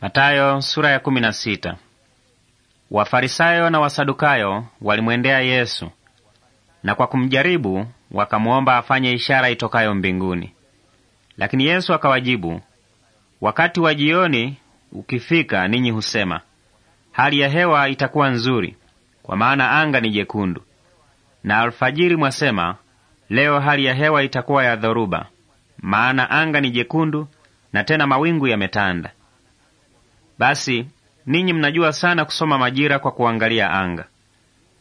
Matayo sura ya kumi na sita. Wafarisayo na Wasadukayo walimwendea Yesu na kwa kumjaribu wakamwomba afanye ishara itokayo mbinguni. Lakini Yesu akawajibu, wakati wa jioni ukifika, ninyi husema hali ya hewa itakuwa nzuri, kwa maana anga ni jekundu, na alfajiri mwasema leo hali ya hewa itakuwa ya dhoruba, maana anga ni jekundu na tena mawingu yametanda. Basi ninyi mnajua sana kusoma majira kwa kuangalia anga,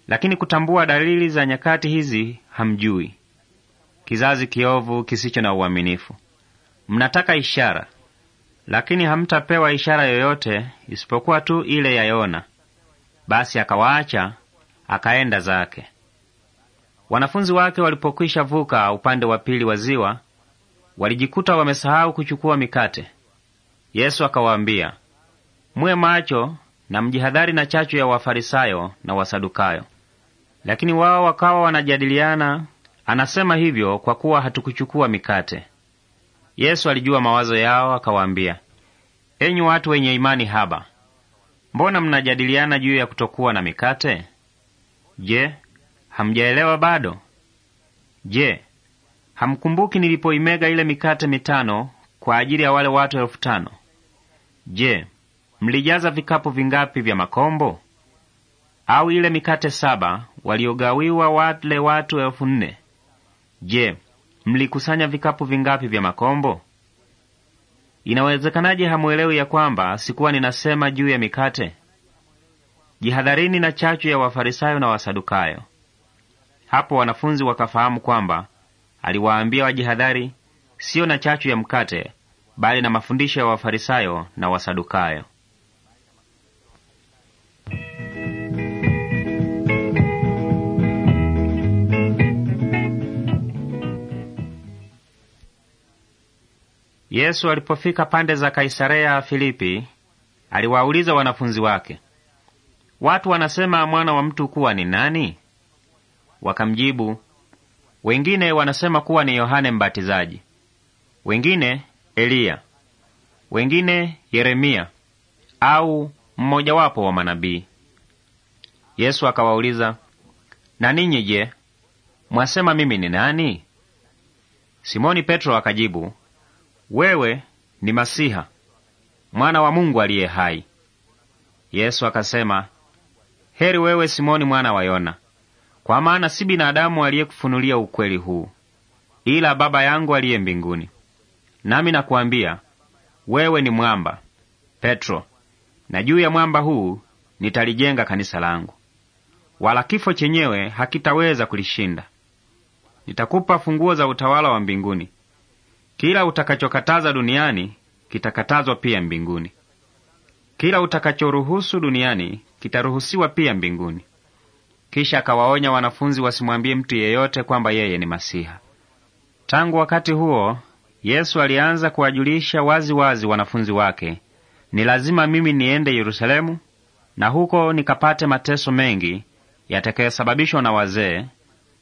lakini kutambua dalili za nyakati hizi hamjui. Kizazi kiovu kisicho na uaminifu, mnataka ishara, lakini hamtapewa ishara yoyote isipokuwa tu ile ya Yona. Basi akawaacha akaenda zake. Wanafunzi wake walipokwisha vuka upande wa pili wa ziwa, walijikuta wamesahau kuchukua mikate. Yesu akawaambia, Mwe macho na mjihadhari na chachu ya Wafarisayo na Wasadukayo. Lakini wao wakawa wanajadiliana, anasema hivyo kwa kuwa hatukuchukua mikate. Yesu alijua mawazo yao, akawaambia, enyi watu wenye imani haba, mbona mnajadiliana juu ya kutokuwa na mikate? Je, hamjaelewa bado? Je, hamkumbuki nilipoimega ile mikate mitano kwa ajili ya wale watu elfu tano? Je, mlijaza vikapu vingapi vya makombo? Au ile mikate saba waliogawiwa wale watu elfu nne? Je, mlikusanya vikapu vingapi vya makombo? Inawezekanaje hamuelewi ya kwamba sikuwa ninasema juu ya mikate? Jihadharini na chachu ya Wafarisayo na Wasadukayo. Hapo wanafunzi wakafahamu kwamba aliwaambia wajihadhari, siyo na chachu ya mkate, bali na mafundisho ya Wafarisayo na Wasadukayo. Yesu alipofika pande za Kaisarea Filipi, aliwauliza wanafunzi wake, watu wanasema mwana wa mtu kuwa ni nani? Wakamjibu, wengine wanasema kuwa ni Yohane Mbatizaji, wengine Eliya, wengine Yeremia au mmojawapo wa manabii. Yesu akawauliza, na ninyi je, mwasema mimi ni nani? Simoni Petro akajibu, wewe ni Masiha mwana wa Mungu aliye hai. Yesu akasema, heri wewe Simoni mwana wa Yona, kwa maana si binadamu aliyekufunulia ukweli huu, ila Baba yangu aliye mbinguni. Nami nakuambia wewe ni mwamba Petro, na juu ya mwamba huu nitalijenga kanisa langu, wala kifo chenyewe hakitaweza kulishinda. Nitakupa funguo za utawala wa mbinguni. Kila utakachokataza duniani kitakatazwa pia mbinguni. Kila utakachoruhusu duniani kitaruhusiwa pia mbinguni. Kisha akawaonya wanafunzi wasimwambie mtu yeyote kwamba yeye ni Masiha. Tangu wakati huo Yesu alianza kuwajulisha waziwazi wazi wanafunzi wake, ni lazima mimi niende Yerusalemu na huko nikapate mateso mengi yatakayosababishwa na wazee,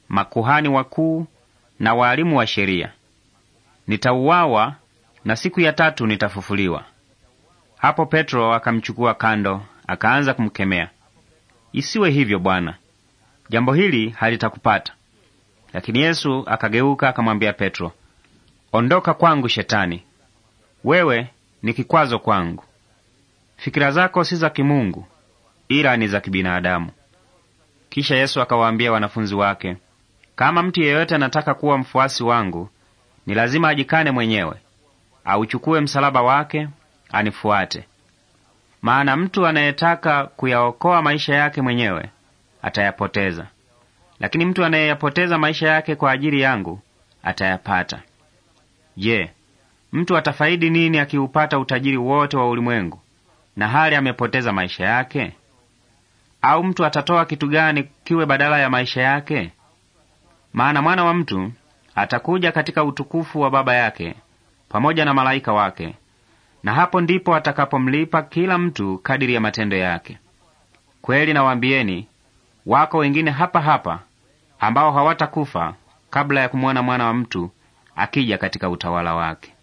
makuhani wakuu na waalimu wa sheria nitauawa na siku ya tatu nitafufuliwa. Hapo Petro akamchukua kando, akaanza kumkemea, isiwe hivyo Bwana, jambo hili halitakupata. Lakini Yesu akageuka akamwambia Petro, ondoka kwangu Shetani, wewe ni kikwazo kwangu. Fikira zako si za kimungu, ila ni za kibinadamu. Kisha Yesu akawaambia wanafunzi wake, kama mtu yeyote anataka kuwa mfuasi wangu, ni lazima ajikane mwenyewe, auchukue msalaba wake, anifuate. Maana mtu anayetaka kuyaokoa maisha yake mwenyewe atayapoteza, lakini mtu anayeyapoteza maisha yake kwa ajili yangu atayapata. Je, mtu atafaidi nini akiupata utajiri wote wa ulimwengu na hali amepoteza maisha yake? Au mtu atatoa kitu gani kiwe badala ya maisha yake? Maana mwana wa mtu atakuja katika utukufu wa Baba yake pamoja na malaika wake, na hapo ndipo atakapomlipa kila mtu kadiri ya matendo yake. Kweli nawaambieni, wako wengine hapa hapa ambao hawatakufa kabla ya kumwona mwana wa mtu akija katika utawala wake.